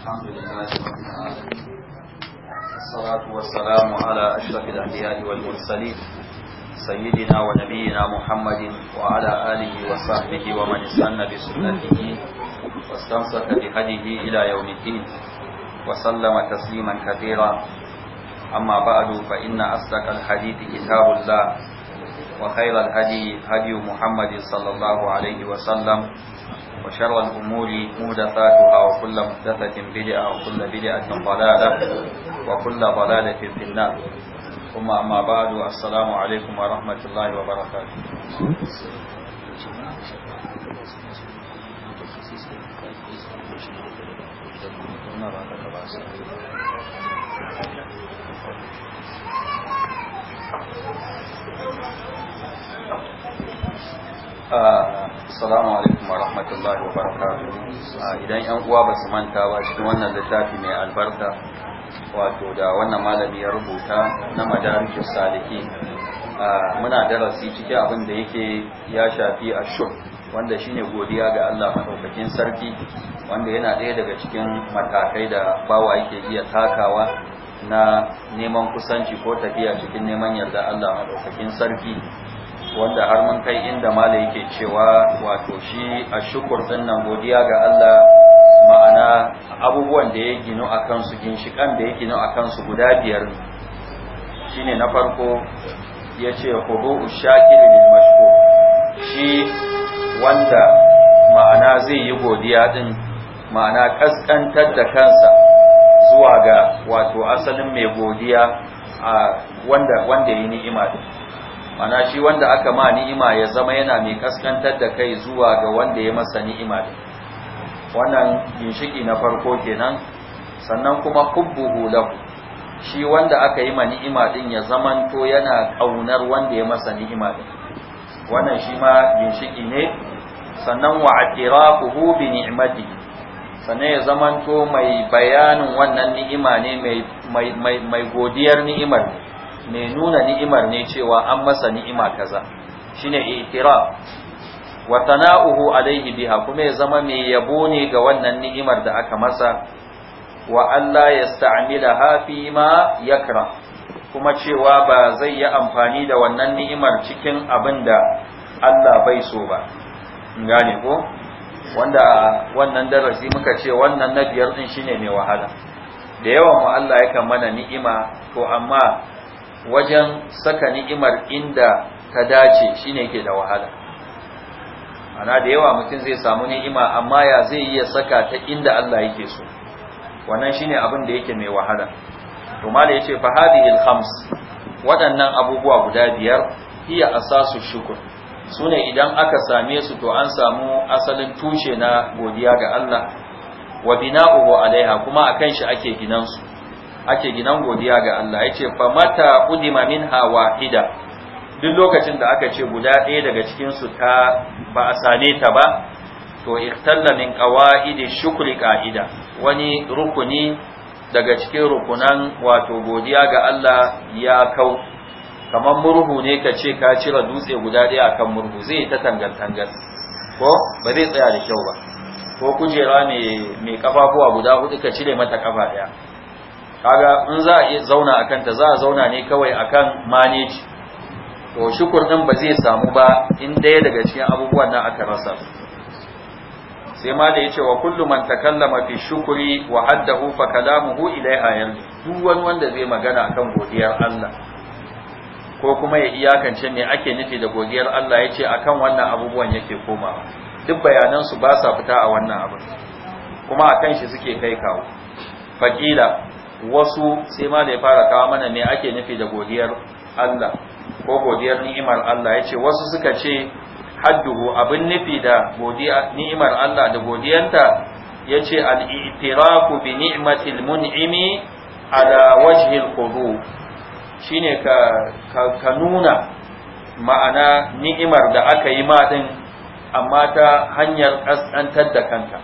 الحمد لله رب العالمين الصلاة والسلام على أشرف الأنبياء والمرسلين سيدنا ونبينا محمد وعلى آله وصحبه ومن استنى بسنته واستمسك بهديه إلى يوم الدين وسلم تسليما كثيرا أما بعد فإن أصدق الحديث كتاب الله وخير الهدي هدي محمد صلى الله عليه وسلم وشر الأمور مهدثاتها وكل مهدثة بدعة وكل بدعة ضلالة وكل ضلالة في النار ثم أما بعد السلام عليكم ورحمة الله وبركاته Thank you. Uh, assalamu alaikum wa rahmatullahi wa barakatuh. Uh, idan ‘yan uwa ba su manta ba cikin wannan littafi mai albarka, wato da wannan malami ya rubuta na madarikin saliki. Uh, muna darasi ciki abin da yake ya shafi a shuk, wanda shine godiya ga Allah maɗaukakin sarki, wanda yana ɗaya daga cikin matakai da bawa yake iya takawa na neman kusanci ko tafiya cikin neman yarda Allah maɗaukakin sarki. wanda har mun kai inda mala yake cewa wato shi a shukur din nan godiya ga Allah ma'ana abubuwan da ya gino a kansu ginshikan da ya gino a kansu guda biyar shine na farko ya ce hudu lil mashkur shi wanda ma'ana zai yi godiya din ma'ana kaskantar da kansa zuwa ga wato asalin mai godiya a wanda wanda yi ni'ima mana shi wanda aka ma ni'ima ya zama yana mai kaskantar da kai zuwa ga wanda ya masa ni'ima da wannan ginshiki na farko kenan sannan kuma kubbuhu lahu shi wanda aka yi ma ni'ima din ya to yana kaunar wanda ya masa ni'ima din wannan shi ma ginshiki ne sannan wa atirafuhu bi ni'mati sannan ya to mai bayanin wannan ni'ima ne mai mai mai godiyar ni'imar mai nuna ni'imar ne cewa an masa ni'ima kaza shine itiraf wa tana'uhu alaihi biha kuma ya zama mai yabo ne ga wannan ni'imar da aka masa wa Allah yasta'milaha fi ma yakra kuma cewa ba zai yi amfani da wannan ni'imar cikin abin da Allah bai so ba gane ko wanda wannan darasi muka ce wannan na biyar din shine mai wahala da yawan mu Allah yakan mana ni'ima to amma wajen saka ni'imar inda ta dace shine yake da wahala ana da yawa mutum zai samu ni'ima amma ya zai iya saka ta inda Allah yake so wannan shine abin da yake mai wahala to mala yace fa hadhihi khams waɗannan abubuwa guda biyar hiya asasu shukr sune idan aka same su to an samu asalin tushe na godiya ga Allah wa bina'uhu alaiha kuma akan shi ake ginansu ake ginan godiya ga Allah yace fa mata udima minha wahida duk lokacin da aka ce guda ɗaya daga cikin su ta ba a same ta ba to ikhtalla min qawaidi shukri qaida wani rukuni daga cikin rukunan wato godiya ga Allah ya kau kamar murhu ne ka ce ka cire dutse guda ɗaya akan murhu zai ta tangar-tangar ko ba zai tsaya da kyau ba ko kujera mai kafafuwa guda hudu ka cire mata kafa ɗaya kaga in za a zauna a kanta za a zauna ne kawai akan manage to shukur din ba zai samu ba in daya daga cikin abubuwan nan aka rasa sai ma da ce wa kullu man takallama fi shukuri wa haddahu fa kalamuhu ilaiha yanzu duk wani wanda zai magana akan godiyar Allah ko kuma ya iyakance me ake nufi da godiyar Allah ya ce akan wannan abubuwan yake koma duk bayanan su ba sa fita a wannan abu kuma akan shi suke kai kawo faqila wasu sai ma da ya fara kawo mana me ake nufi da godiyar Allah ko godiyar ni'imar Allah yace wasu suka ce hadduhu abin nufi da godiya ni'imar Allah da godiyanta yace al-i'tirafu bi ni'matil mun'imi ala wajhi al shine ka ka nuna ma'ana ni'imar da aka yi ma din amma ta hanyar kasantar da kanka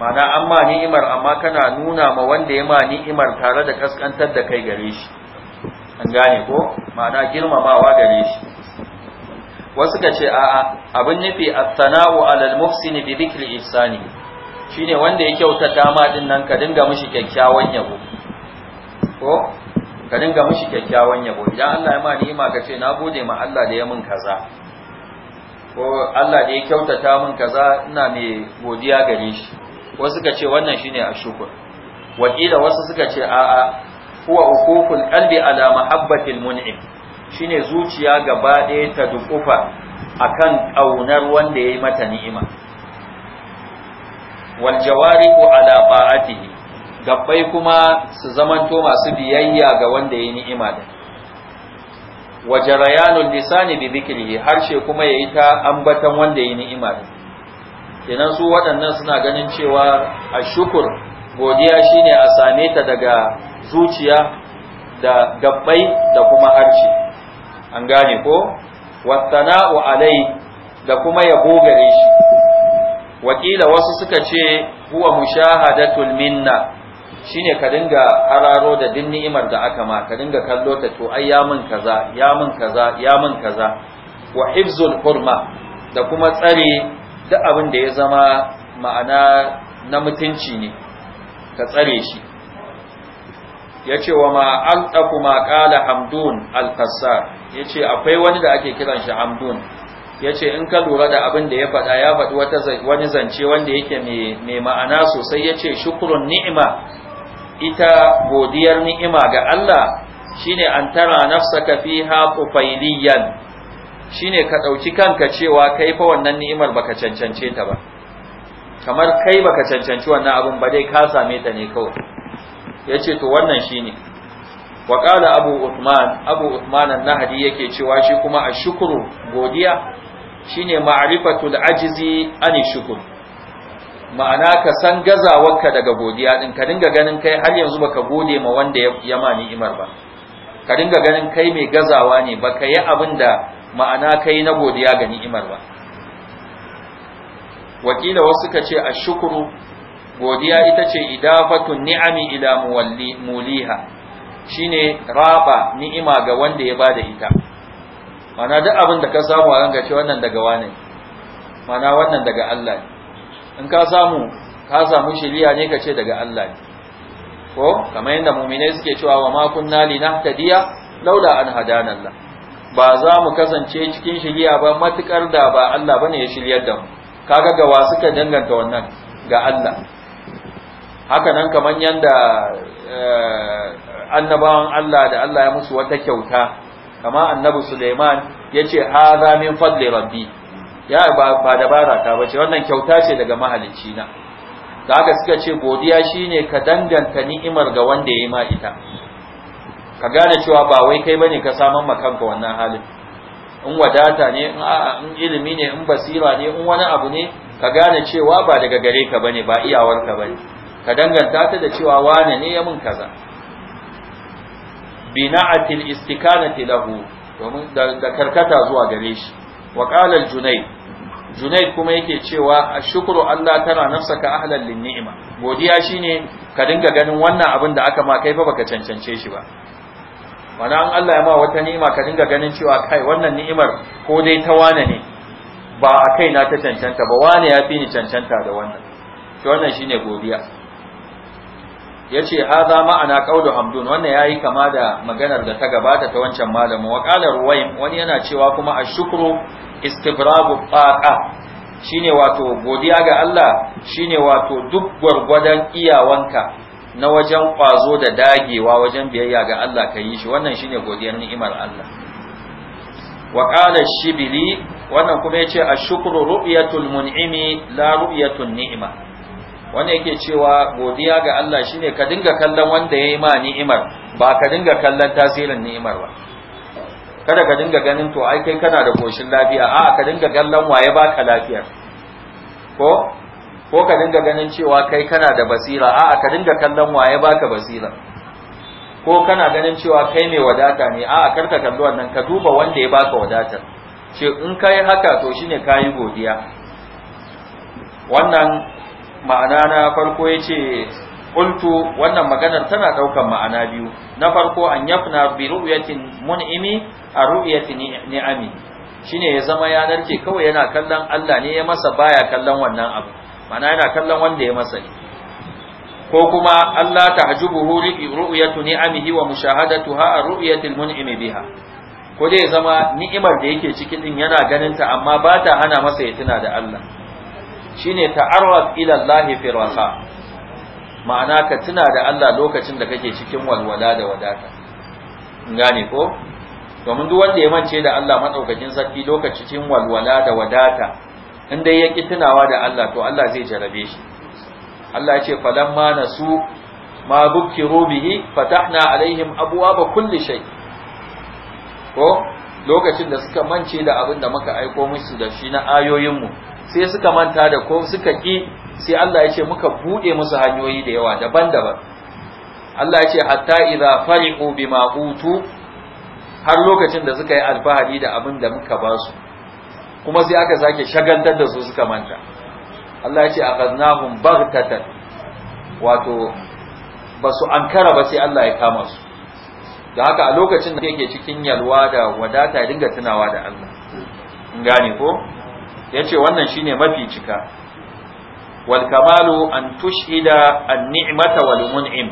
mana an ma ni'imar amma kana nuna ma wanda ya ma ni'imar tare da kaskantar da kai gare shi an gane ko mana girmamawa gare shi wasu ka ce a'a abin nufi at sana'u 'ala al muhsini bi dhikri ihsani shine wanda ya kyautata ma din nan ka dinga mishi kyakkyawan yabo ko ka dinga mishi kyakkyawan yabo idan Allah ya ma ni'ima ka ce na gode ma Allah da ya min kaza ko Allah da ya kyautata min kaza ina mai godiya gare shi wasu suka ce wannan shine ashukur wakila wasu suka ce a'a huwa ukuful qalbi ala mahabbatil mun'im shine zuciya gaba ɗaya ta dukufa akan kaunar wanda yayi mata ni'ima wal jawariqu ala ba'atihi gabbai kuma su zamanto masu biyayya ga wanda yayi ni'ima da wa jarayanul lisani bi dhikrihi harshe kuma yayi ta ambatan wanda yayi ni'ima da kenan su waɗannan suna ganin cewa a shukur godiya shine a same ta daga zuciya da gabbai da kuma harshe an gane ko wattana'u alai da kuma ya gogare shi wakila wasu suka ce huwa mushahadatul minna shine ka dinga hararo da din ni'imar da aka ma ka dinga kallo ta to ai ya mun kaza ya mun kaza ya mun kaza wa hifzul hurma da kuma tsare duk abin da ya zama ma'ana na mutunci ne ka tsare shi ya ce wa ma'alta kuma ƙala hamdun alkassar ya ce akwai wani da ake kiran shi hamdun ya ce in ka lura da abin da ya faɗa ya faɗi wani zance wanda yake mai ma'ana sosai ya ce shukurun ni'ima ita godiyar ni'ima ga Allah shine an tara nafsaka fiha qufailiyan shine ka ɗauki kanka cewa kai fa wannan ni'imar baka cancance ta ba kamar kai baka cancanci wannan abin ba dai ka same ta ne kawai yace to wannan shine wa qala abu uthman abu uthman an-nahdi yake cewa shi kuma a ashkuru godiya shine ma'rifatul ajizi ani shukur ma'ana ka san gazawarka daga godiya din ka dinga ganin kai har yanzu baka gode ma wanda ya ma ni'imar ba ka dinga ganin kai mai gazawa ne baka yi abin da ma'ana kai na godiya ga ni'imar ba wakila wasu ka ce a shukuru godiya ita ce idafatun ni'ami ila muliha shine raba ni'ima ga wanda ya bada ita mana duk abin da ka samu a ranka ce wannan daga wane mana wannan daga Allah ne in ka samu ka samu shiriya ne ka ce daga Allah ne ko kamar yadda mu'minai suke cewa wa ma kunna linahtadiya laula an hadana Allah ba za mu kasance cikin shiriya ba matukar da ba Allah bane ya shiryar da mu kaga ga wa suka danganta wannan ga Allah haka nan kaman yanda eh, annabawan Allah da Allah ya musu wata kyauta kama annabi Suleiman yace hadha min fadli rabbi ya ba ba dabara ta bace wannan kyauta ce daga mahalicci na da haka suka ce godiya shine ka danganta ni'imar ga wanda yayi ma ita ka gane cewa ba wai kai bane ka saman ma kanka wannan halin in wadata ne in ilimi ne in basira ne in wani abu ne ka gane cewa ba daga gare ka bane ba iyawar ka bane ka danganta ta da cewa wane ne ya mun kaza bina'atil istikanati lahu domin da karkata zuwa gare shi wa qala al-junayd junayd kuma yake cewa ashkuru Allah tara nafsaka ahlan lin ni'ima. godiya shine ka dinga ganin wannan abin da aka ma kai fa baka cancance shi ba mana an Allah ya ma wata ni'ima ka dinga ganin cewa kai wannan ni'imar ko dai ta wane ne ba a kai na ta cancanta ba wane ya fi ni cancanta da wannan to wannan shine godiya yace hadha ma'ana qaulu hamdun wannan yayi kama da maganar da ta gabata ta wancan malamin wa qala wani yana cewa kuma ashkuru Istibragu taqa shine wato godiya ga Allah shine wato duk gwargwadon iyawanka na wajen kwazo da dagewa wajen biyayya ga Allah ka yi shi wannan shine godiyar ni'imar Allah wa qala shibili wannan kuma yace ashkuru ru'yatul mun'imi la ru'yatun ni'ima wannan yake cewa godiya ga Allah shine ka dinga kallon wanda yayi ma ni'imar ba ka dinga kallon tasirin ni'imar ba kada ka dinga ganin to ai kai kana da koshin lafiya a'a ka dinga kallon waye baka lafiyar ko ko ka dinga ganin cewa kai kana da basira a'a ka dinga kallon waye baka basira ko kana ganin cewa kai mai wadata ne a'a kar ka kalli wannan ka duba wanda ya baka wadatar ce in kai haka to shine kayi godiya wannan ma'ana na farko yace qultu wannan maganar tana daukar ma'ana biyu na farko an yafna bi ru'yatin mun'imi a ru'yatin ni'ami shine ya zama ya narke kawai yana kallon Allah ne ya masa baya kallon wannan abu mana yana kallon wanda ya masa ko kuma Allah ta hajubuhu ru'yatu ni'amihi wa mushahadatuha ar-ru'yati al-mun'im biha ko dai zama ni'imar da yake cikin din yana ganin ta amma ba ta hana masa ya tuna da Allah shine ta'arraf ila Allah fi raha ma'ana ka tuna da Allah lokacin da kake cikin walwala da wadata gane ko domin duk wanda ya mance da Allah madaukakin sarki lokacin cikin walwala da wadata in dai ya ki tunawa da Allah to Allah zai jarabe shi Allah ya ce ma nasu ma bukiru bihi fatahna alaihim abwaaba kulli shay ko lokacin da suka mance da abin da muka aiko musu da shi na ayoyinmu sai suka manta da ko suka ki sai Allah ya ce muka bude musu hanyoyi da yawa daban-daban Allah ya ce hatta idza fariqu bima utu har lokacin da suka yi alfahari da abin da muka ba su kuma sai aka sake shagantar da su suka manta Allah ya ce akhadnahum baghtatan wato ba su ankara ba sai Allah ya kama su da haka a lokacin da yake cikin yalwa da wadata ya dinga tunawa da Allah in gane ko yace wannan shine mafi cika wal kamalu an tushida an ni'mata wal mun'im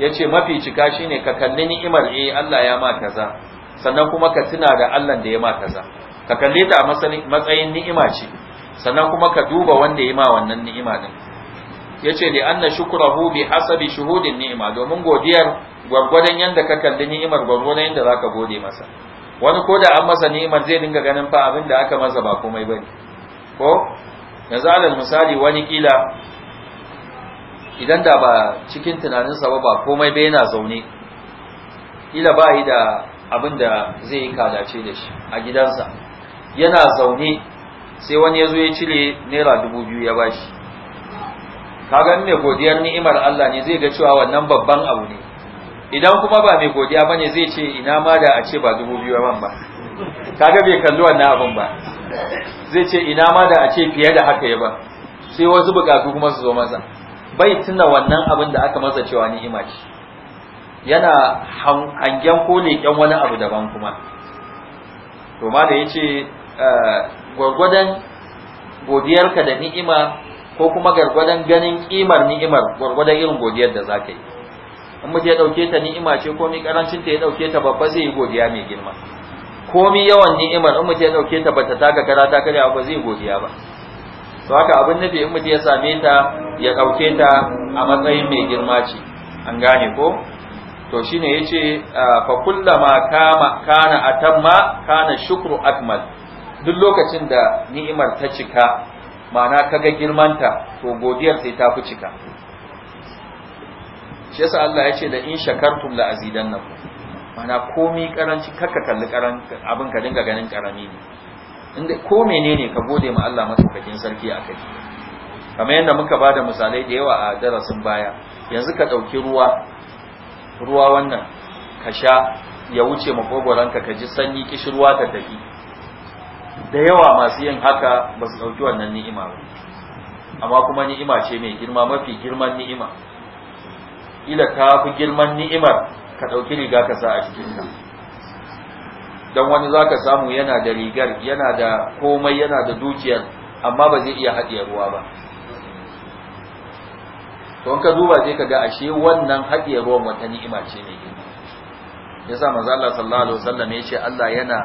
yace mafi cika shine ka kalli ni'imar eh Allah ya ma kaza sannan kuma ka tuna da Allah da ya ma kaza ka kalle ta a matsayin ni'ima ce sannan kuma ka duba wanda ya ma wannan ni'ima din yace li anna shukrahu bi hasabi shuhudin ni'ima domin godiyar gwargwadon yanda ka kalli ni'imar gwargwadon yanda ka gode masa wani ko da an masa ni'imar zai dinga ganin fa abin da aka masa ba komai bane ko yanzu alal misali wani kila idan da ba cikin tunaninsa ba ba komai bai yana zaune kila ba yi da abin da zai yi kalace da shi a gidansa yana zaune sai wani ya zo ya cire naira dubu biyu ya bashi kaga mai godiyar ni'imar Allah ne zai ga cewa wannan babban abu ne idan kuma ba mai godiya bane zai ce ina ma da a ce ba dubu biyu ban ba kaga bai kalli wannan abin ba zai ce ina ma da a ce fiye da haka ya ba sai wasu bukatu kuma su zo masa bai tuna wannan abin da aka masa cewa ni'ima ce yana hangen ko leƙen wani abu daban kuma to ma da ya ce Eh, gwargwadon godiyarka da ni'ima ko kuma gargwadon ganin kimar ni'imar gwargwadon irin godiyar da za ka yi in mutu ya dauke ta ni'ima ce komi karancin ta ya dauke ta babba zai yi godiya mai girma komi yawan ni'imar in mutu ya dauke ta bata taga kara ta karya ba zai godiya ba to haka abin nufi in mutu ya same ta ya dauke ta a matsayin mai girma ce an gane ko to shine yace ah, fa kullama kama kana atamma kana shukru akmal duk lokacin da ni'imar ta cika ma'ana kaga girmanta to godiyar sai ta fi cika shi yasa Allah ya ce da in shakartum la azidannakum ma'ana komi karanci kaka kalli karan abin ka dinga ganin karami ne inda ko menene ka gode ma Allah madaukakin sarki a kai kamar yadda muka bada misalai da yawa a darasin baya yanzu ka dauki ruwa ruwa wannan ka sha ya wuce makogoranka ka ji sanyi kishirwa ta tafi da yawa masu yin haka ba su ɗauki wannan ni'ima ba amma kuma ni'ima ce mai girma mafi girman ni'ima ila ka fi girman ni'imar ka ɗauki riga ka sa a jikinka don wani za ka samu yana da rigar yana da komai yana da dukiyar amma ba zai iya haɗiyar ruwa ba to ka duba sai ka ga ashe wannan haɗiyar ruwan wata ni'ima ce mai girma yasa manzo Allah sallallahu alaihi wasallam ya ce Allah yana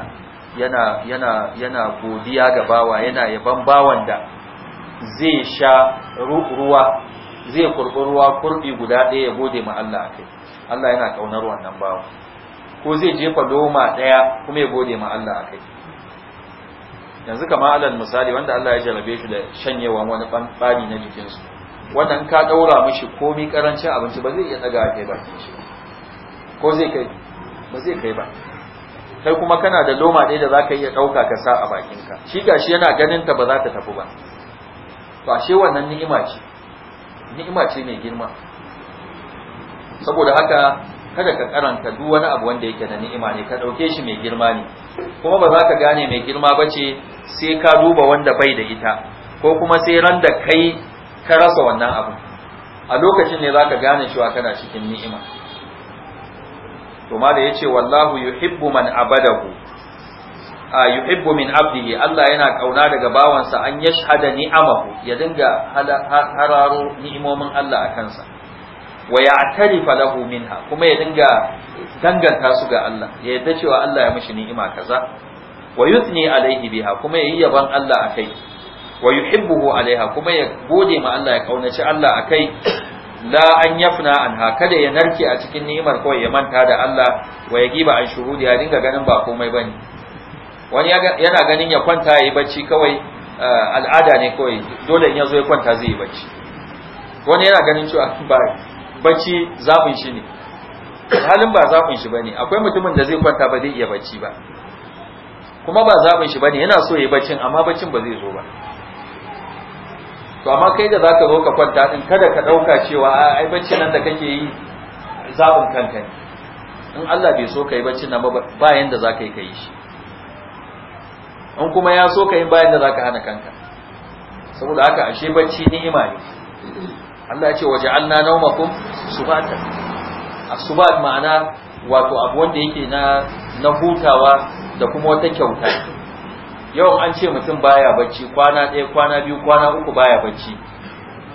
yana yana yana godiya ga bawa yana yaban bawan da zai sha ruwa zai kurbi ruwa kurbi guda ɗaya ya gode ma Allah akai Allah yana kaunar wannan bawa ko zai jefa loma ɗaya kuma ya gode ma Allah akai yanzu kamar alal misali wanda Allah ya jarabe shi da shanyewan wani bani na jikinsu wannan ka daura mishi komi karancin abinci ba zai iya daga kai ba ko zai kai ba zai kai ba kai kuma kana da loma ɗaya da za ka iya ɗauka ka sa a bakinka shi ga shi yana ganin ta ba za ta tafi ba to ashe wannan ni'ima ce ni'ima ce mai girma saboda haka kada ka karanta duk wani abu wanda yake da ni'ima ne ka ɗauke shi mai girma ne kuma ba za ka gane mai girma ba ce sai ka duba wanda bai da ita ko kuma sai ran da kai ka rasa wannan abu a lokacin ne za ka gane shi kana cikin ni'ima to mala yace wallahu yuhibbu man abadahu a yuhibbu min abdihi Allah yana kauna daga bawansa an yashhada ni'amahu ya dinga hararo ni'imomin Allah a kansa wa ya'tarifa lahu minha kuma ya dinga danganta su ga Allah ya yadda cewa Allah ya mishi ni'ima kaza wa yuthni alaihi biha kuma yi yaban Allah akai wa yuhibbuhu alaiha kuma ya gode ma Allah ya kaunaci Allah akai la an yafna anha kada ya narke a cikin ni'imar kawai ya manta da Allah wa ya giba an shuhudi ya dinga ganin ba komai bane wani yana ganin ya kwanta yayi bacci kawai eh, al'ada ne kawai dole in zo ya kwanta zai yi bacci wani yana ganin cewa ba bacci zafin shi ne halin ba zafin shi bane akwai mutumin da zai kwanta ba zai iya bacci ba kuma ba zafin shi bane yana so yayi baccin amma baccin ba zai zo ba to amma kai da zaka zo ka kwanta din kada ka dauka cewa ai bacci nan da kake yi zabin kanka ne in Allah bai so kai bacci nan ba yanda zaka yi kai shi in kuma ya so kai ba yanda zaka hana kanka saboda haka ashe bacci ni'ima ne Allah ya ce waja'alna nawmakum subata asubat ma'ana wato abu wanda yake na na hutawa da kuma wata kyauta yau an ce mutum baya bacci kwana ɗaya kwana biyu kwana uku baya bacci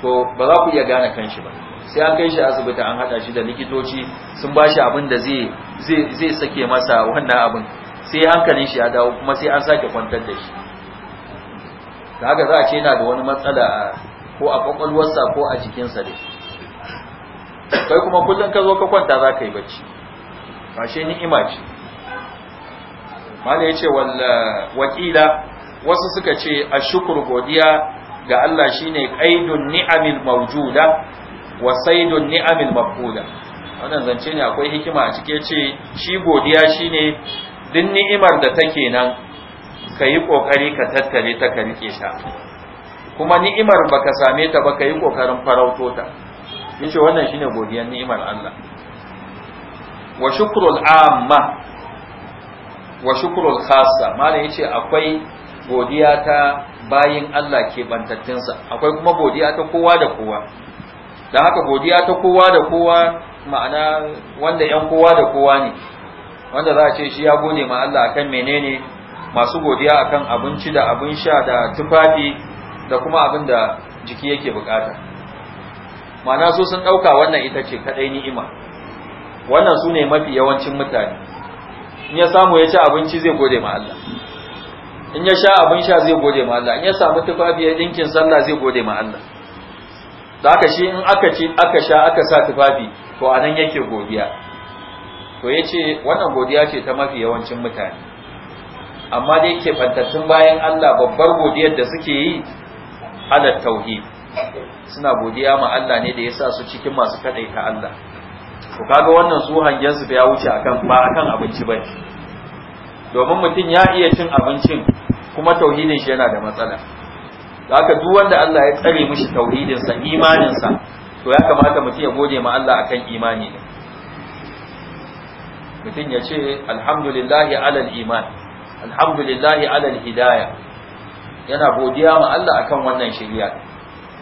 to ba za ku iya gane kanshi ba sai an kai shi asibiti an haɗa shi da likitoci sun ba shi abin da zai sake masa wannan abin sai hankalin shi ya dawo kuma sai an sake kwantar da shi da haka za a ce yana da wani matsala ko a kwakwalwarsa ko a jikinsa dai kai kuma kullum ka zo ka kwanta za ka yi bacci ba shi ni'ima ce mala yace ce wakila wasu suka ce a ashkur godiya ga Allah shine qaidun ni'amil mawjuda wa saidun ni'amil mafquda wannan zance ne akwai hikima a cike ce shi godiya shine duk ni'imar da take nan kayi kokari ka tattare ta ka rike ta kuma ni'imar baka same ta ba kayi kokarin farauto ta yace wannan shine godiyar ni'imar Allah wa shukrul amma wa shukrul khassa ce yace akwai godiya ta bayin Allah ke sa, akwai kuma godiya ta kowa da kowa dan haka godiya ta kowa da kowa ma'ana wanda yan kowa da kowa ne wanda za a ce shi ya gode ma Allah akan menene masu godiya akan abinci da abin sha da tufafi da kuma abin da jiki yake bukata ma'ana su sun dauka wannan ita ce kadai ni'ima wannan su ne mafi yawancin mutane in ya samu ya ci abinci zai gode ma Allah in ya sha abin sha zai gode ma Allah in ya samu tufafi ya dinkin sallah zai gode ma Allah da aka shi in aka ci aka sha aka sa tufafi to anan yake godiya to yace wannan godiya ce ta mafi yawancin mutane amma dai ke fantattun bayan Allah babbar godiyar da suke yi ala tauhid suna godiya ma Allah ne da yasa su cikin masu kadaita Allah Ku kaga wannan su hangen su ya wuce akan ba akan abinci ba domin mutum ya iya cin abincin kuma tauhidin shi yana da matsala haka duk wanda Allah ya tsare mishi tauhidin sa imanin sa to ya kamata mutum ya gode ma Allah akan imani ne mutum ya ce alhamdulillahi alal iman alhamdulillahi alal hidaya yana godiya ma Allah akan wannan shari'a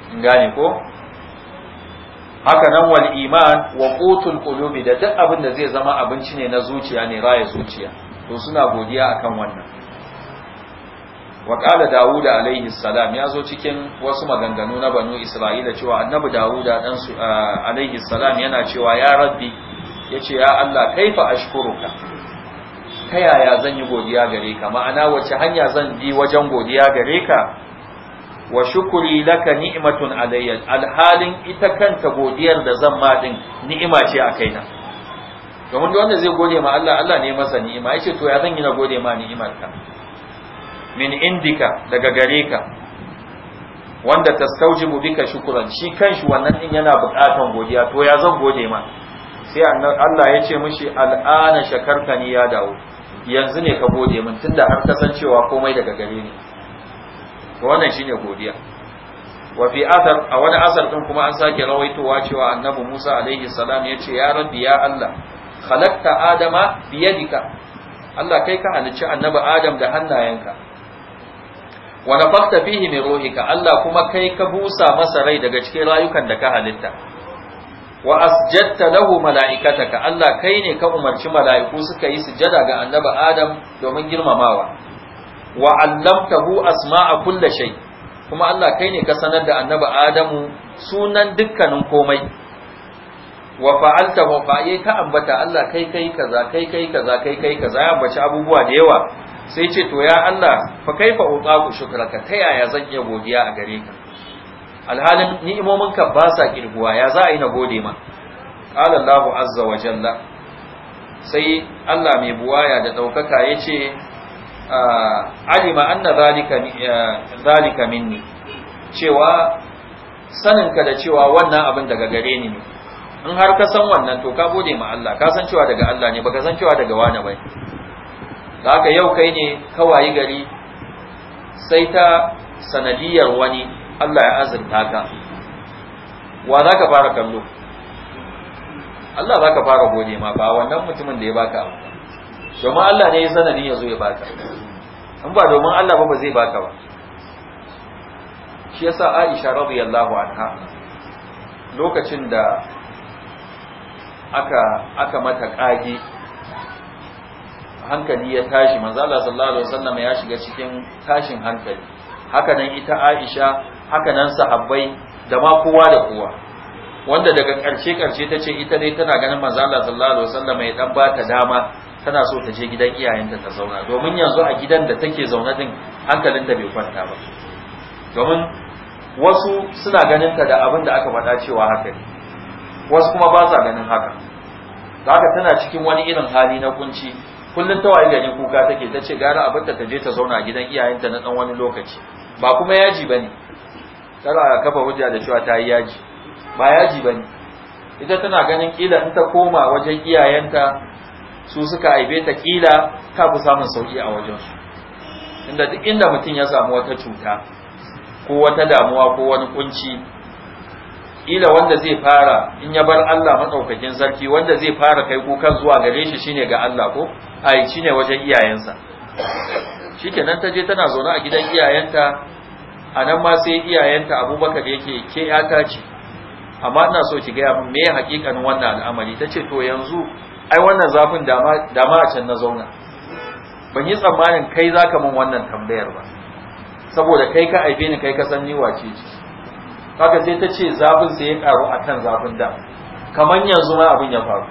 in gane ko haka nan wal iman wa qutul qulubi da duk abin da zai zama abinci ne na zuciya ne raya zuciya to suna godiya akan wannan wa qala daud alaihi salam ya zo cikin wasu maganganu na banu isra'ila cewa annabi daud dan su alaihi salam yana cewa ya rabbi yace ya Allah kaifa ashkuruka ta yaya zan yi godiya gare ka ma'ana wace hanya zan bi wajen godiya gare ka wa shukuri laka ni'matun alayya alhalin ita kanta godiyar da zan ma din ni'ima ce a kaina domin wanda zai gode ma Allah Allah ne masa ni'ima yace to ya zan yi na gode ma ni'imar ka min indika daga gare ka wanda tastaujibu bika shukran shi kanshi wannan din yana buƙatan godiya to ya zan gode ma sai Allah ya ce mishi al'ana shakartani ya dawo yanzu ne ka gode min tunda har kasancewa komai daga gare ni to wannan shine godiya wa fi athar a wani asar din kuma an sake rawaitowa cewa annabi Musa alaihi salam ya ce ya rabbi ya Allah khalaqta adama yadika Allah kai ka halicci annabi Adam da hannayenka wa nafakta fihi min ruhika Allah kuma kai ka busa masa rai daga cikin rayukan da ka halitta wa asjadta lahu mala'ikataka Allah kai ne ka umarci mala'iku suka yi sujada ga annabi Adam domin girmamawa wa 'allamtahu asma'a kulli shay kuma Allah kai ne ka sanar da annabi Adamu sunan dukkanin komai wa fa'alta wa fa'i ka ambata Allah kai kai kaza kai kai kaza kai kai kaza ya ambaci abubuwa da yawa sai ce to ya Allah fa kaifa utaqu shukraka ta yaya zan iya godiya a gare ka alhalin ka ba sa kirguwa ya za a yi na gode ma qala Allahu azza wa jalla sai Allah mai buwaya da ɗaukaka yace alima anna zalika zalika minni cewa saninka da cewa wannan abin daga gare ni ne in har ka san wannan to ka gode ma Allah ka san cewa daga Allah ne baka san cewa daga wani bai da haka yau kai ne kawai gari sai ta sanadiyar wani Allah ya azurta ka wa za ka fara kallo Allah za ka fara gode ma ba wannan mutumin da ya baka abu domin Allah ne ya sanadin ya zo ya baka in ba domin Allah ba ba zai baka ba shi yasa Aisha radiyallahu anha lokacin da aka aka mata kage hankali ya tashi manzo Allah sallallahu alaihi wasallam ya shiga cikin tashin hankali haka nan ita Aisha haka nan sahabbai da ma kowa da kowa wanda daga karshe karshe ta ce ita dai tana ganin manzo Allah sallallahu alaihi wasallam ya dan ta dama tana so ta je gidan iyayenta ta zauna domin yanzu a gidan da take zaune din ta bai kwanta ba domin wasu suna ganin ta da abin da aka faɗa cewa haka ne wasu kuma ba sa ganin haka da haka tana cikin wani irin hali na kunci kullum ta wayi ganin kuka take ta ce gara abin da ta je ta zauna a gidan iyayenta na ɗan wani lokaci ba kuma yaji ba ne tana kafa hujja da cewa ta yi yaji ba yaji ba ne ita tana ganin kila in ta koma wajen iyayenta su suka aibe ta kila ka fi samun sauki a wajensu inda duk inda mutum ya samu wata cuta ko wata damuwa ko wani kunci ila wanda zai fara in ya bar Allah matsaukakin sarki wanda zai fara kai kukan zuwa gare shi shine ga Allah ko ai shine wajen iyayensa shikenan ta je tana zaune a gidan iyayenta a nan ma sai iyayenta abubakar yake ke yata ce amma ina so ki gaya min me hakikanin wannan al'amari ta ce to yanzu ai wannan zafin dama a can na zauna ban yi tsammanin kai za ka min wannan tambayar ba saboda kai ka aife ni kai ka san ni wace ce haka sai ta ce zafin sai ya karu a kan zafin da kamar yanzu ma abin ya faru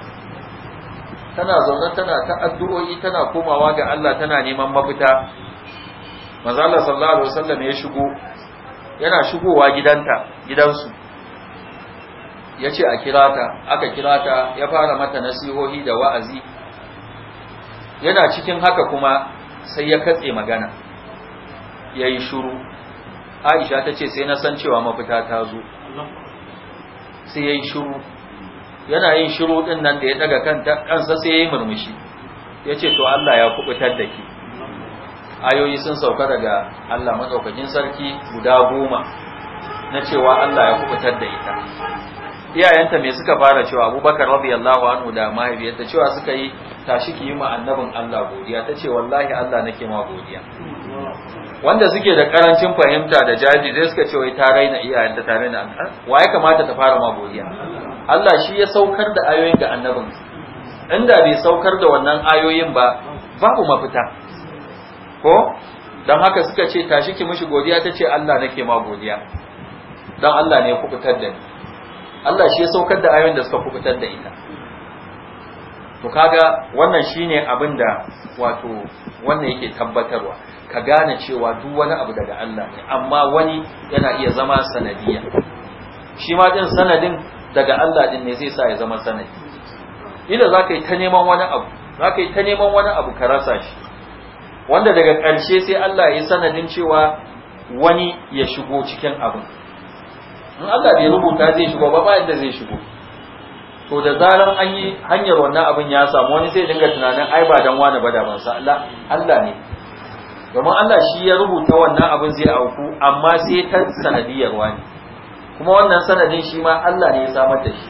tana zaune tana ta addu'o'i tana komawa ga Allah tana neman mafita manzo Allah sallallahu alaihi wasallam ya shigo yana shigowa gidanta gidansu ya ce a kira aka kirata ya fara mata nasihohi da wa'azi yana cikin haka kuma sai ya katse magana ya yi shuru aisha ta ce sai na san cewa mafita ta zo sai ya yi shuru yana yin shuru ɗin nan da ya daga kansa sai ya yi murmushi ya ce to Allah ya kubutar da ke ayoyi sun sauka daga Allah matsaukakin sarki guda goma na cewa Allah ya kubutar da ita iyayenta me suka fara cewa abubakar radiyallahu anhu da mahaifiyarta cewa suka yi tashi ki yi ma annabin Allah godiya ta ce wallahi Allah nake ma godiya wanda suke da karancin fahimta da jaji zai suka ce wai ta raina iyayenta ta raina wa ya kamata ta fara ma godiya Allah shi ya saukar da ayoyin ga annabin inda bai saukar da wannan ayoyin ba babu mafita ko don haka suka ce tashi ki mishi godiya ta ce Allah nake ma godiya don Allah ne kubutar da ni Allah shi ya saukar da ayoyin da suka fitar da ita to kaga wannan shine abin da wato wannan yake tabbatarwa ka gane cewa duk wani abu daga Allah ne amma wani yana iya zama sanadiya shi ma din sanadin daga Allah din ne zai sa ya zama sanadi ila ka yi ta neman wani abu ka yi ta neman wani abu ka rasa shi wanda daga ƙarshe sai Allah ya yi sanadin cewa wani ya shigo cikin abin in Allah bai rubuta zai shigo ba ba yadda zai shigo to da zaran an yi hanyar wannan abin ya samu wani sai dinga tunanin ai ba dan wani ba da ban sa Allah Allah ne domin Allah shi ya rubuta wannan abin zai auku amma sai ta sanadiyar wani kuma wannan sanadin shi ma Allah ne ya samar da shi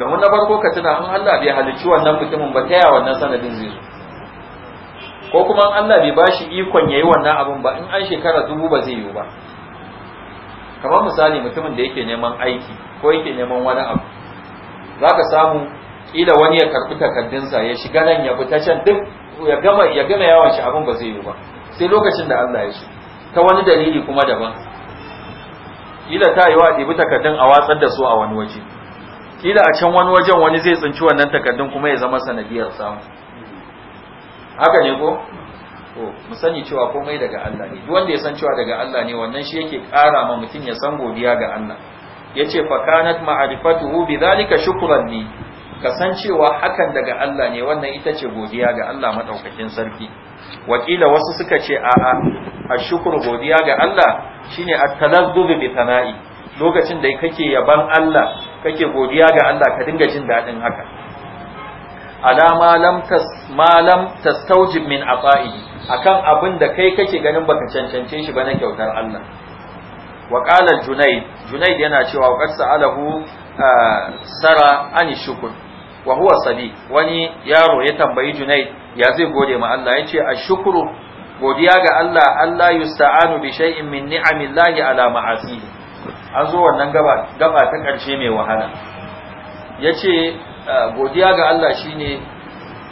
domin na farko ka tuna in Allah bai halicci wannan mutumin ba ta wannan sanadin zai zo ko kuma in Allah bai bashi ikon yayi wannan abin ba in an shekara dubu ba zai yiwu ba kamar misali mutumin da yake neman aiki ko yake neman wani abu za ka samu ƙila wani ya karɓi takardunsa ya shiga nan ya fita can duk ya gama ya gama yawan shi abin ba zai yi ba sai lokacin da Allah ya shi. ta wani dalili kuma daban ƙila ta yi wa ɗibi takardun a watsar da su a wani waje ƙila a can wani wajen wani zai tsinci wannan takardun kuma ya zama sanadiyar samu haka ne ko to mu sani cewa komai daga Allah ne duk wanda ya san cewa daga Allah ne wannan shi yake ƙara ma mutum ya san godiya ga Allah yace fa kanat ma'rifatuhu bidhalika shukran li kasancewa hakan daga Allah ne wannan ita ce godiya ga Allah madaukakin sarki wakila wasu suka ce a'a ashkuru godiya ga Allah shine at-talazzuz bi thana'i lokacin da kake yaban Allah kake godiya ga Allah ka dinga jin dadin haka alama lam tas ma lam tastawjib min ata'ihi akan abin da kai kake ganin baka cancance shi ba na kyautar Allah wa qala junayd junayd yana cewa qad sa'alahu ah, sara an shukr wa huwa sabi wani yaro ya tambayi junayd ya zai gode ma Allah yace ashkuru godiya ga Allah Allah yusta'anu bi shay'in min ni'amillahi ala ma'asihi an zo wannan gaba gaba ta karshe mai wahala yace ah, godiya ga Allah shine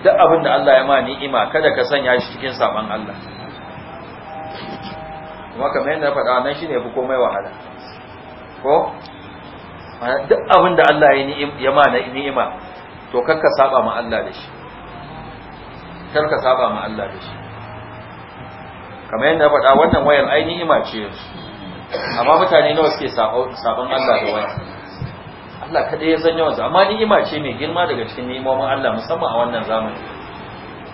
duk abin da Allah ya ma ni'ima kada ka sanya shi cikin saban Allah kuma kamar yadda na faɗa nan shine fi komai wahala ko duk abin da Allah ya ma ni'ima to kar ka saba ma Allah da shi kar ka saba ma Allah da shi kamar yadda na faɗa wannan wayar ai ni'ima ce amma mutane nawa suke saban Allah da wayar Allah kaɗai ya san yawan amma ni'ima ce mai girma daga cikin ni'imomin Allah musamman a wannan zamani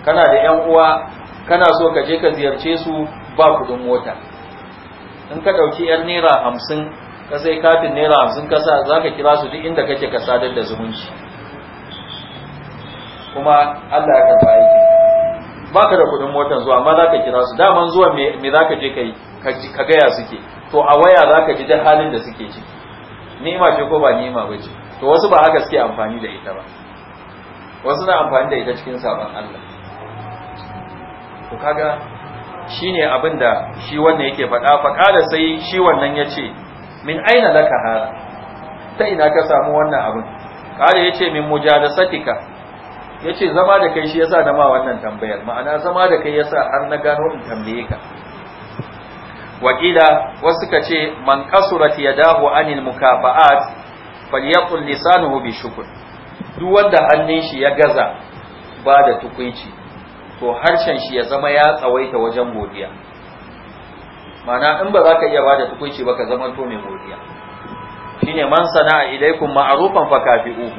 kana da ƴan uwa kana so ka je ka ziyarce su ba kuɗin mota in ka ɗauki ƴan naira hamsin ka sai kafin naira hamsin ka sa za kira su duk inda kake ka sadar da zumunci kuma Allah ya karɓa aikin ba ka da kuɗin motar zuwa amma za ka kira su daman zuwa me za ka je ka ga ya gaya suke to a waya zaka ji da halin da suke ciki nima ce ko ba nima ba ce to wasu ba haka suke amfani da ita ba wasu na amfani da ita cikin sabon Allah to kaga ne abin da shi wannan yake faɗa da sai shi wannan ya ce min aina laka hada ta ina ka samu wannan abin ƙara ya ce min mujalasatika ya ce zama da kai shi ya na ma wannan tambayar ma'ana zama da kai ya sa har na gano in tambaye ka Waƙila wasu ka ce man kasurat yadahu anil mukafa'at falyaqul lisanuhu bi shukr duk wanda hannun shi ya gaza ba da tukunci to harshen shi ya zama ya tsawaita wajen godiya mana in ba za ka iya ba da tukunci ba ka zama to mai godiya shine man sana'a ilaikum ma'rufan fakafi'uhu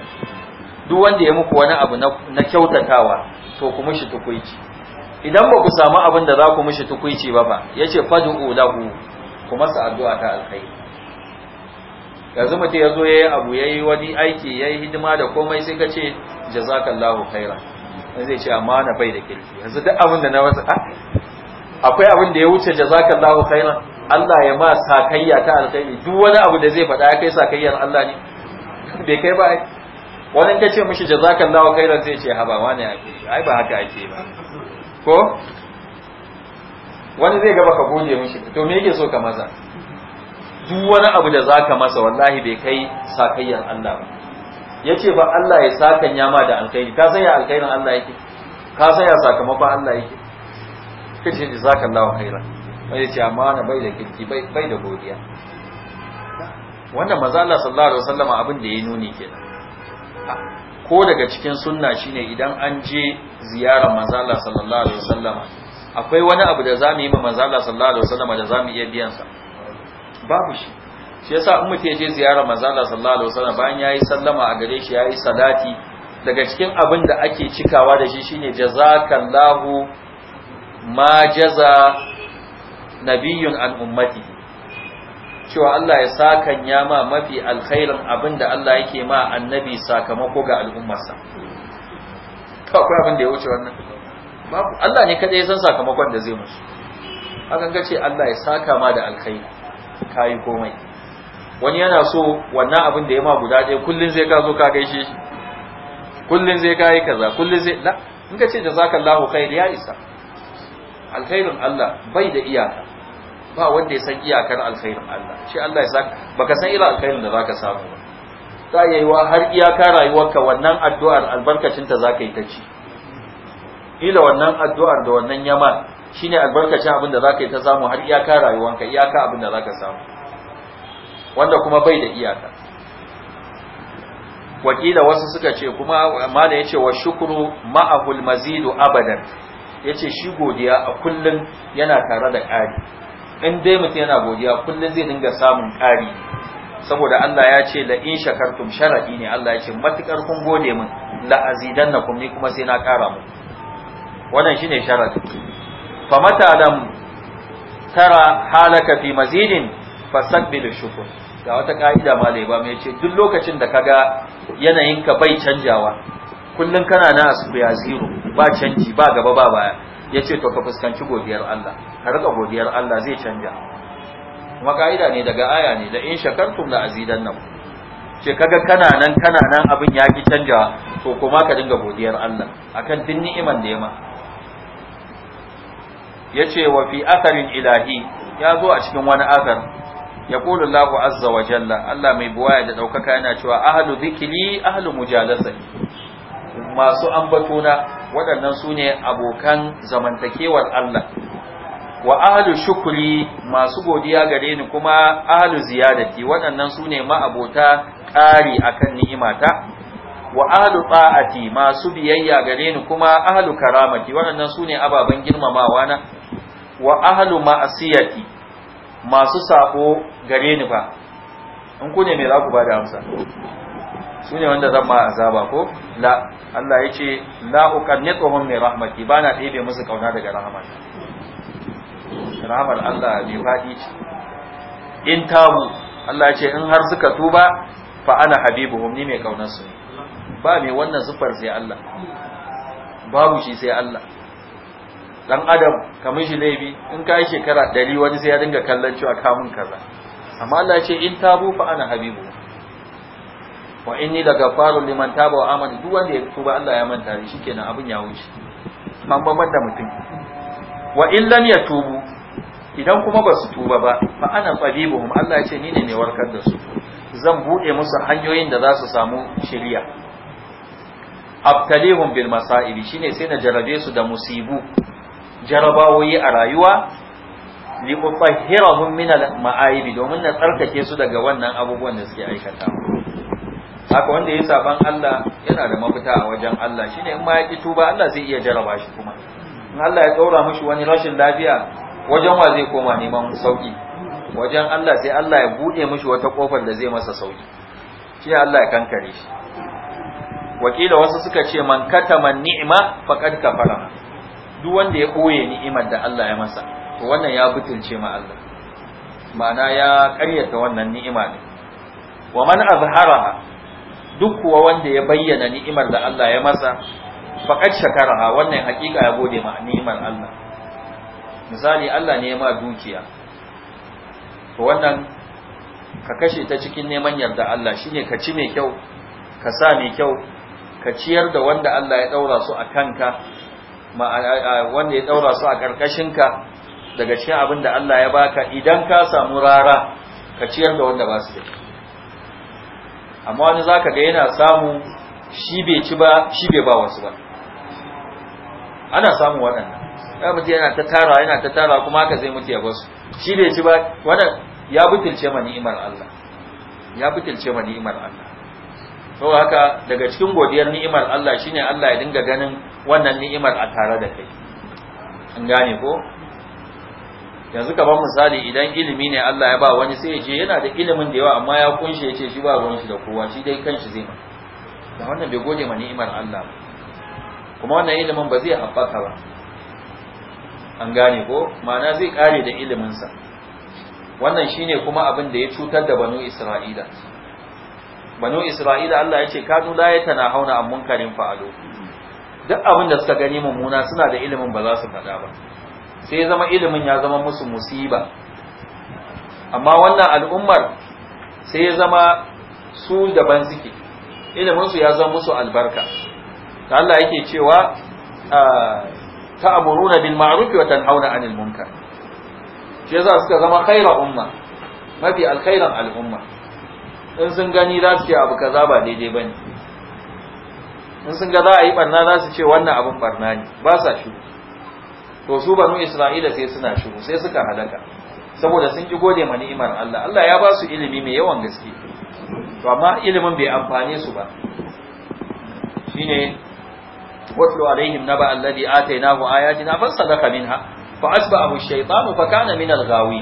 duk wanda ya muku wani abu na kyautatawa to kuma shi tukunci idan ba ku samu abin da za ku mishi tukuici ba ba ya ce fadu'u lahu ku masa addu'a ta alkai yanzu mutum ya zo ya yi abu ya yi wani aiki ya yi hidima da komai sai ka ce jazakallahu khaira wani zai ce amma na bai da kirki yanzu duk abin da na wasu ah, akwai abin da ya wuce jazakallahu khaira Allah ya ma sakayya ta alkai duk wani abu da zai faɗa ya kai sakayyar Allah ne bai kai ba ai wani ka ce mishi jazakallahu khairan zai ce haba wani ai ba haka ake ba ko wani zai gaba ka goge mishi to me yake so ka masa duk wani abu da zaka masa wallahi bai kai sakayyar Allah ba yace ba Allah ya sakanya ma da alkhairi ka san ya alkhairin Allah yake ka san ya sakamakon Allah yake kace jazakallahu khairan wani yace amma na bai da kirki bai bai da godiya wannan manzo Allah sallallahu alaihi wasallam abin da ya nuni kenan ko daga cikin sunna shine idan an je ziyara manzala sallallahu alaihi wasallama akwai wani abu da zamu yi ma manzala sallallahu alaihi wasallama da zamu iya biyan sa babu shi shi yasa in mutum je ziyara manzala sallallahu alaihi wasallama bayan yayi sallama a gare shi yayi salati daga cikin abin da ake cikawa da shi shine jazakallahu ma jaza nabiyyun an ummatihi cewa Allah ya ya ma mafi alkhairin abinda Allah yake ma annabi sakamako ga al'ummarsa ka akwai abin da ya wuce wannan babu Allah ne kada ya san sakamakon da zai musu hakan ga ce Allah ya saka ma da alkhairi kayi komai wani yana so wannan abin da ya ma guda ɗaya kullun zai ka zo ka gaishe shi kullun zai kai kaza kullun zai la in ka ce jazakallahu khair ya isa alkhairin Allah bai da iyaka ba wanda ya san iyakar alkhairin Allah shi Allah ya saka baka san irin alkhairin da zaka samu ba yayiwa har iyaka rayuwarka wannan addu'ar albarkacin ta zaka yi ta ci ila wannan addu'ar da wannan yama shine albarkacin abin da zaka yi ta samu har iyaka rayuwarka iyaka abin da zaka samu wanda kuma bai da iyaka wakila wasu suka ce kuma mala yace wa shukru ma'ahul mazidu abadan yace shi godiya a kullun yana tare da ƙari in dai mutum yana godiya kullum zai dinga samun ƙari saboda Allah ya ce la in shakartum sharadi ne Allah ya ce matukar kun gode min la azidannakum ni kuma sai na ƙara mu wannan shine sharadi fa mata lam tara halaka fi mazidin fasabbil shukr ga wata ka'ida malai ba mai ce duk lokacin da kaga ka bai canjawa kullum kana na ya zero ba canji ba gaba ba baya ya ce to ka fuskanci godiyar Allah ka riƙa godiyar Allah zai canja kuma ka'ida ne daga aya ne da in shakartum la azidan nan ce kaga kana nan kana nan abin ya ki canjawa to kuma ka dinga godiyar Allah akan duk ni'iman da ya ma yace wa fi atharin ilahi ya zo a cikin wani athar yaqulu Allahu azza wa jalla Allah mai buwaya da ɗaukaka yana cewa ahlu dhikri ahlu mujalasati masu ambatona waɗannan su ne abokan zamantakewar Allah wa ahlu shukuri masu godiya gare ni kuma ahalu ziyadati waɗannan su ne ma'abota ƙari akan ni'imata wa ahlu ɓa'ati masu biyayya gare ni kuma ahlu karamati waɗannan su ne ababen girmamawa na wa ahalu ma'asiyati masu sabo gare ni ba in ku ne me za ku ba da amsa su ne wanda zan ma azaba ko la Allah ya ce la uqannituhum min rahmati ba na ɗebe musu kauna daga rahama. rahmar Allah ne fadi in tabu Allah ya ce in har suka tuba fa ana habibuhum ni mai kaunar su ba mai wannan zufar sai Allah babu shi sai Allah dan adam kamar shi laifi in kai shekara 100 wani sai ya dinga kallon cewa kamun kaza amma Allah ya ce in tabu fa ana habibuhum wa inni lagafarun liman taba wa amana duk wanda ya tuba Allah ya manta shi shikenan abin ya wuce man da mutum wa ya yatubu idan kuma ba su tuba ba fa ana tabibuhum Allah ya ce ni ne mai warkar da su zan bude musu hanyoyin da za su samu shiriya abtalihum bil masaibi shine sai na jarabe su da musibu jarabawoyi a rayuwa li utahhirahum min al ma'aibi domin na tsarkake su daga wannan abubuwan da suke aikata haka wanda ya saban Allah yana da mafita a wajen Allah shine in ma ya ki tuba Allah zai iya jaraba shi kuma in Allah ya tsora mishi wani rashin lafiya wajen wa zai koma neman sauki wajen Allah sai Allah ya bude mishi wata kofar da zai masa sauki shi Allah ya kankare shi wakila wasu suka ce man katama ni'ima faqad kafara duk wanda ya koye ni'imar da Allah ya masa to wannan ya butulce ma Allah ma'ana ya karyata wannan ni'ima ne wa man azharaha duk kuwa wanda ya bayyana ni'imar da Allah ya masa faqad shakaraha wannan hakika ya gode ma ni'imar Allah misali Allah ne ya ma dukiya to wannan ka kashe ta cikin neman yarda Allah shine ka ci mai kyau ka sa mai kyau ka ciyar da wanda Allah ya daura su a kanka wanda ya daura su a karkashinka daga cikin abin da Allah ya baka idan ka samu rara ka ciyar da wanda ba su da amma wani za ga yana samu shi bai ci ba shi ba wasu ba ana samun waɗannan ya mutu yana ta tara yana ta tara kuma haka zai mutu ya basu shi bai ci ba wannan ya butulce ma ni'imar Allah ya butulce ma ni'imar Allah to haka daga cikin godiyar ni'imar Allah shine Allah ya dinga ganin wannan ni'imar a tare da kai an gane ko yanzu ka ban misali idan ilimi ne Allah ya ba wani sai ya ce yana da ilimin da yawa amma ya kunshe ya ce shi ba ruwan shi da kowa shi dai kanshi zai da wannan bai gode ma ni'imar Allah ba kuma wannan ilimin ba zai haɓaka ba an gane ko ma'ana zai kare da iliminsa wannan shine kuma abin da ya cutar da banu isra'ila banu isra'ila Allah ya ce kanu la tana hauna an munkarin fa'alu duk abin da suka gani mummuna suna da ilimin ba za su faɗa ba sai ya zama ilimin ya zama musu musiba amma wannan al'ummar sai ya zama su daban suke iliminsu ya zama musu albarka ta Allah yake cewa ah, ta'muruna bil ma'ruf wa tanhauna 'anil munkar shi su suka zama khairu umma mafi alkhairan al'umma in sun gani za su ce abu kaza ba daidai bane in sun ga za a yi barna za su ce wannan abin barna ne ba sa shi to su banu isra'ila sai suna shiru, sai suka halaka saboda sun ki gode ma ni'imar Allah Allah ya ba su ilimi mai yawan gaske to amma ilimin bai amfane su ba shine watlu alaihim naba alladhi atainahu ayatina fasadaka minha fa asba'ahu ash-shaytanu fa kana min al-ghawi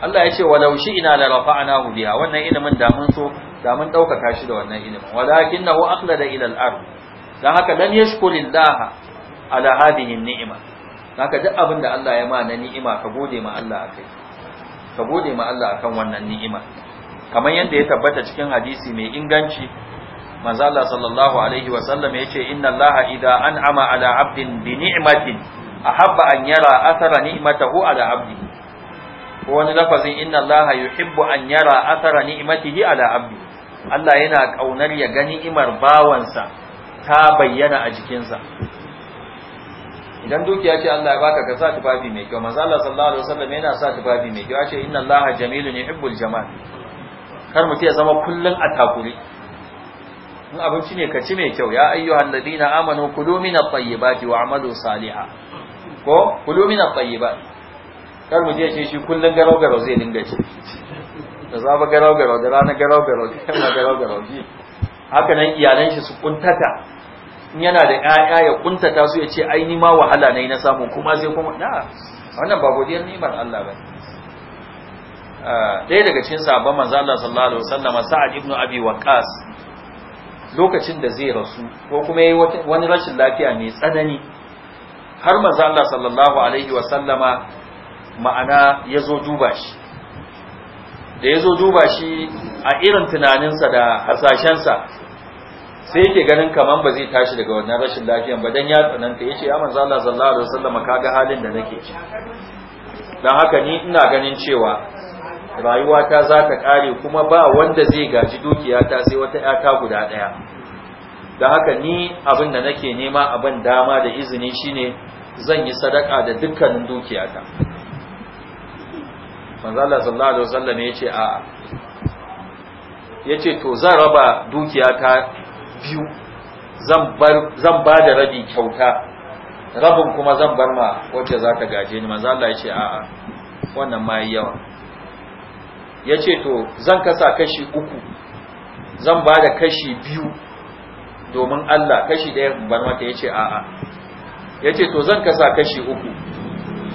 Allah ya ce walau ina la rafa'nahu biha wannan ilimin da mun so da mun daukaka shi da wannan ilimin walakinahu aqlada ila al-ard dan haka lam yashkurillah ala hadhihi an-ni'mah haka duk abin da Allah ya ma na ni'ima ka gode ma Allah a kai, ka gode ma Allah a kan wannan ni'ima kamar yadda ya tabbata cikin hadisi mai inganci manzo sallallahu alaihi wa sallam ya ce, inna Allah idza an'ama ala 'abdin bi ni'matin ahabba an yara athara ni'matahu ala 'abdi ko wani lafazin inna Allah yuhibbu an yara athara ni'matihi ala 'abdi Allah yana kaunar ya gani imar bawansa ta bayyana a jikinsa idan dukiya ce Allah ya baka ka sa tufafi mai kyau manzo Allah sallallahu alaihi wasallam yana sa tufafi mai kyau ace inna Allah jamilun yuhibbul jamal kar mutum ya zama kullun a takuri in abinci ne ka ci mai kyau ya ayyuhan ladina amanu kulu min at-tayyibati wa'malu saliha ko kulu min at tayyibati kar mutum ya ce shi kullun garau garau zai dinga ci da zaba garau garau da rana garau garau da yamma garau garau haka nan iyalan shi su kuntata in yana da ƴaƴa ya kuntata su ya ce ai ni ma wahala nayi na samu kuma sai kuma na wannan ba godiyar ni'imar Allah ba dai ah, daga cikin sahabban manzo Allah sallallahu alaihi wasallam Sa'ad ibn Abi Waqqas lokacin da zai rasu ko kuma yayi wani rashin lafiya mai tsanani har manzo Allah sallallahu alaihi wasallama ma'ana yazo duba shi da yazo duba shi a irin tunaninsa da hasashensa sai yake ganin kaman ba zai tashi daga wannan rashin lafiyan ba dan ya tsananta yace ya manzo Allah sallallahu alaihi wasallam kaga halin da nake ci dan haka ni ina ganin cewa rayuwata za ta kare kuma ba wanda zai gaji dukiyata sai wata ta guda ɗaya da haka ni abin da nake nema abin dama da izini shine zan yi sadaka da dukkanin dukiyata manzo Allah sallallahu alaihi wasallam yace a yace to zan raba dukiyata biyu zan ba da rabi kyauta rabin kuma zan bar ma wacce za ta gaje ni manzo Allah ya ce a'a wannan ma yi yawa ya ce to zan kasa kashi uku zan ba da kashi biyu domin Allah kashi ɗaya bar mata ya ce a'a ya ce to zan kasa kashi uku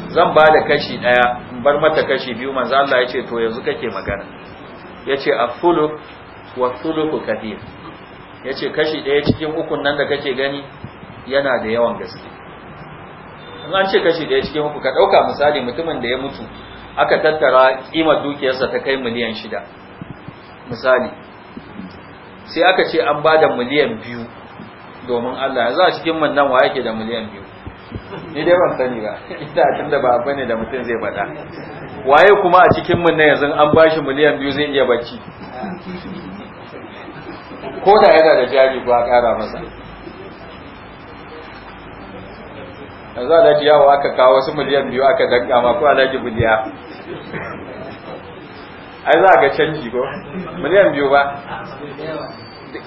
zan ba da kashi ɗaya in bar mata kashi biyu manzo Allah ya ce to yanzu kake magana ya ce a fuluk wa fuluku kathir ya ce kashi ɗaya cikin ukun nan da kake gani yana da yawan gaske in an ce kashi ɗaya cikin uku ka ɗauka misali mutumin da ya mutu aka tattara ƙimar dukiyarsa ta kai miliyan shida misali sai aka ce an ba da miliyan biyu domin Allah ya za a cikin mun nan wa yake da miliyan biyu ni dai ban sani ba ita tunda ba abu ne da mutum zai faɗa waye kuma a cikin mun nan yanzu an ba shi miliyan biyu zai iya bacci ko da yana da jari ko a ƙara masa yanzu alhaji yawo aka kawo wasu miliyan biyu aka danka ma ko alhaji biliya ai za a ga canji ko miliyan biyu ba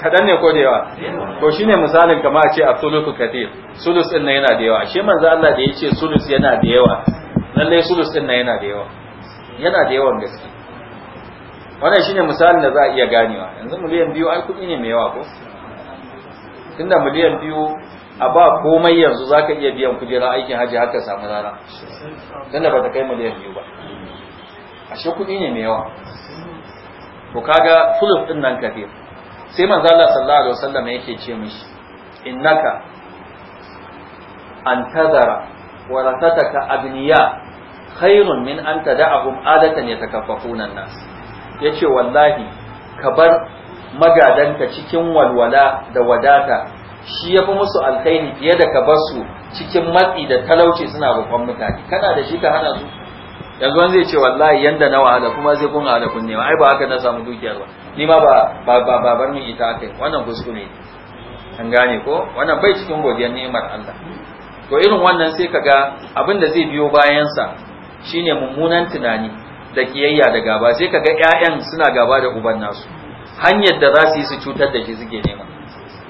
kaɗan ne ko da yawa to shine misalin kama a ce a sulusu kate sulus ɗin na yana da yawa ashe manzo Allah da ya ce sulus yana da yawa lallai sulus ɗin na yana da yawa yana da yawan gaske wannan shine misalin da za a iya ganewa yanzu miliyan biyu ai kudi ne mai yawa ko tunda miliyan biyu a ba komai yanzu za ka iya biyan kujera aikin hajji haka samu rana tunda ba ta kai miliyan biyu ba ashe kuɗi ne mai yawa ko kaga fulus din nan kafir sai manzo Allah sallallahu alaihi wasallam yake ce mishi innaka an tazara warathataka abniya khairun min an tada'ahum adatan yatakaffafuna an-nas ya ce wallahi ka bar magadanka cikin walwala da wadata shi ya fi musu alkhairi fiye da ka bar su cikin matsi da talauci suna babban mutane kana da shi ka hana su yanzu wani zai ce wallahi yanda na wahala kuma zai kun hada kun nema ai ba haka na samu dukiyar ba ni ma ba ba ba bar min ita kai wannan kuskure ne an gane ko wannan bai cikin godiyar ni'imar Allah to irin wannan sai kaga abin da zai biyo bayan sa shine mummunan tunani da kiyayya da gaba sai kaga 'ya'yan suna gaba da uban nasu hanyar da za su yi su cutar da shi suke nema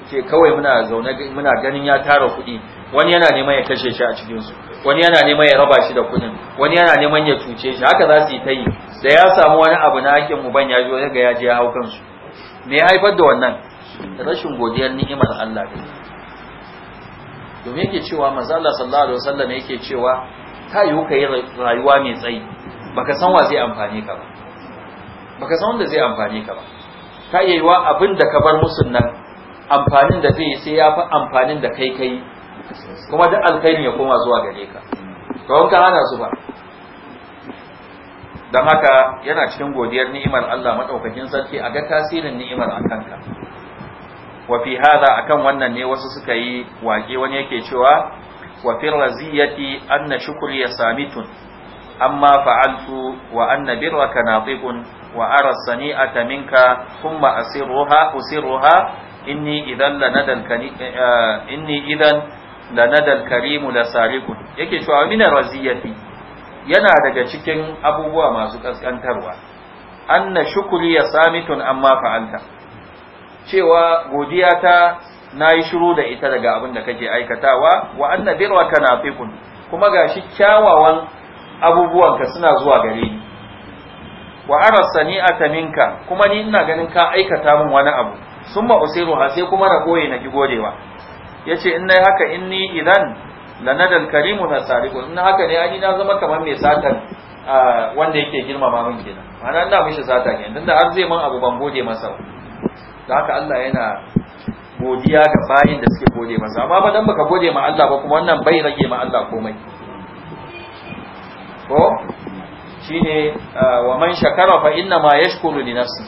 ce kawai muna zaune muna ganin ya tara kuɗi wani yana neman ya kashe shi a cikin su wani yana neman ya raba shi da kuɗin wani yana neman ya cuce shi haka za su yi ta yi da ya samu wani abu na haƙƙin uban ya zo ga ya je ya hau kansu me ya haifar da wannan rashin godiyar ni'imar Allah ne domin yake cewa manzo Allah sallallahu alaihi wasallam yake cewa ta yiwu ka rayuwa mai tsayi baka san wa zai amfane ka ba baka san wanda zai amfane ka ba ka iya yiwa abin da ka bar musun nan amfanin da zai yi sai ya fi amfanin da kai kai kuma duk alkhairin ya koma zuwa gare ka to wanka hana su ba don haka yana cikin godiyar ni'imar Allah madaukakin sarki a ga tasirin ni'imar a kanka wa fi hada akan wannan ne wasu suka yi wage wani yake cewa wa fi raziyati anna shukri ya tun. amma fa'altu wa anna birraka natiqun wa ara sani'ata minka thumma asirruha usirruha inni idan lanadal inni idan Nadal karimu lasarikun yake cewa mina raziyati yana daga cikin abubuwa masu ƙasƙantarwa. anna shukuri ya samitun amma fa'alta cewa godiya ta nayi shiru da ita daga abin da kake aikatawa wa anna birraka nafiqun kuma gashi kyawawan abubuwanka suna zuwa gare ni wa arasa ni aka minka kuma ni ina ganin ka aikata min wani abu sun ma usiru ha sai kuma na koye na ki godewa ya ce in na haka in ni idan lanadal karimu na sariku in haka ne ani na zama kamar mai satar wanda yake girmama min gina ana ina mishi sata ne tunda har zai man abu ban gode masa ba da haka Allah yana godiya ga bayin da suke gode masa amma ba dan baka gode ma Allah ba kuma wannan bai rage ma Allah komai ko shine uh, wa man shakara fa inna ma yashkuru li nafsi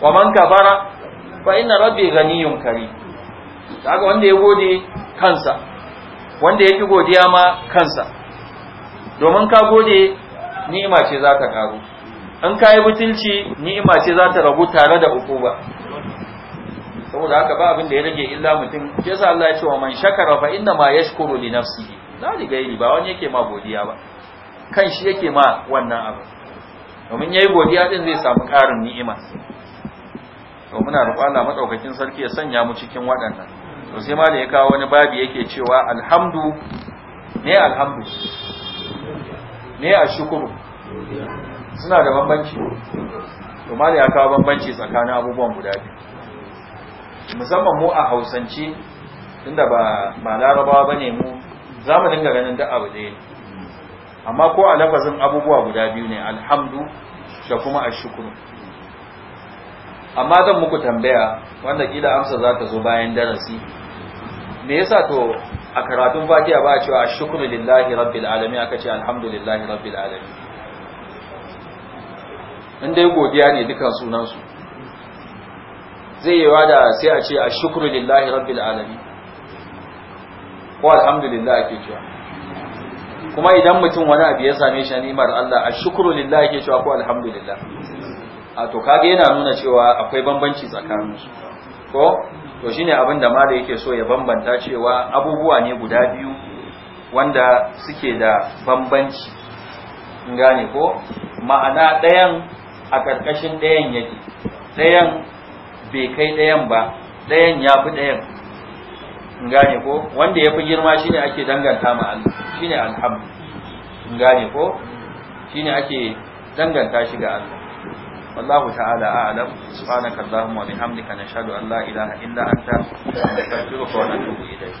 wa man kafara fa inna rabbi ghaniyun karim kaga wanda ya gode kansa wanda ya fi godiya ma kansa domin ka gode ni'ima ce zaka karu in ka yi butulci ni'ima ce za ta ragu tare da ukuba saboda haka ba abin da ya rage illa mutum shi yasa Allah ya ce wa man shakara fa inna ma yashkuru li nafsi. la li ghairi ba wani yake ma godiya ba kan shi yake ma wannan abu domin yayi godiya din zai samu ƙarin ni'ima to muna roƙon Allah madaukakin sarki ya sanya mu cikin waɗannan to sai ma da ya kawo wani babi yake cewa alhamdu ne alhamdu ne shukuru suna da bambanci to ma ya kawo bambanci tsakanin abubuwan guda biyu musamman mu a hausance tunda ba ba larabawa bane mu za mu dinga ganin duk abu ɗaya amma ko a lafazin abubuwa guda biyu ne alhamdu da kuma ashukuru amma zan muku tambaya wanda kila amsa za ta zo bayan darasi me yasa to a karatun fatiha ba a cewa ashukuru lillahi rabbil alamin aka ce alhamdulillahi rabbil alamin in dai godiya ne dukan sunan su zai yi da sai a ce ashukuru lillahi rabbil alamin ko alhamdulillah ake cewa kuma idan mutum wani abu ya same shi ni'imar Allah a ashkuru lillahi yake cewa ko alhamdulillah a to kage yana nuna cewa akwai bambanci tsakanin su ko to shine abin da malai yake so ya bambanta cewa abubuwa ne guda biyu wanda suke da bambanci gane ko ma'ana ɗayan a ƙarƙashin ɗayan yake ɗayan bai kai ɗayan ba ɗayan ya fi ɗayan gane ko wanda ya fi girma shine ake danganta ma Allah shine alhamd kun gane ko shine ake danganta shi ga Allah wallahu ta'ala a'lam subhanaka allahumma wa bihamdika nashhadu an la ilaha illa anta nastaghfiruka wa natubu ilayk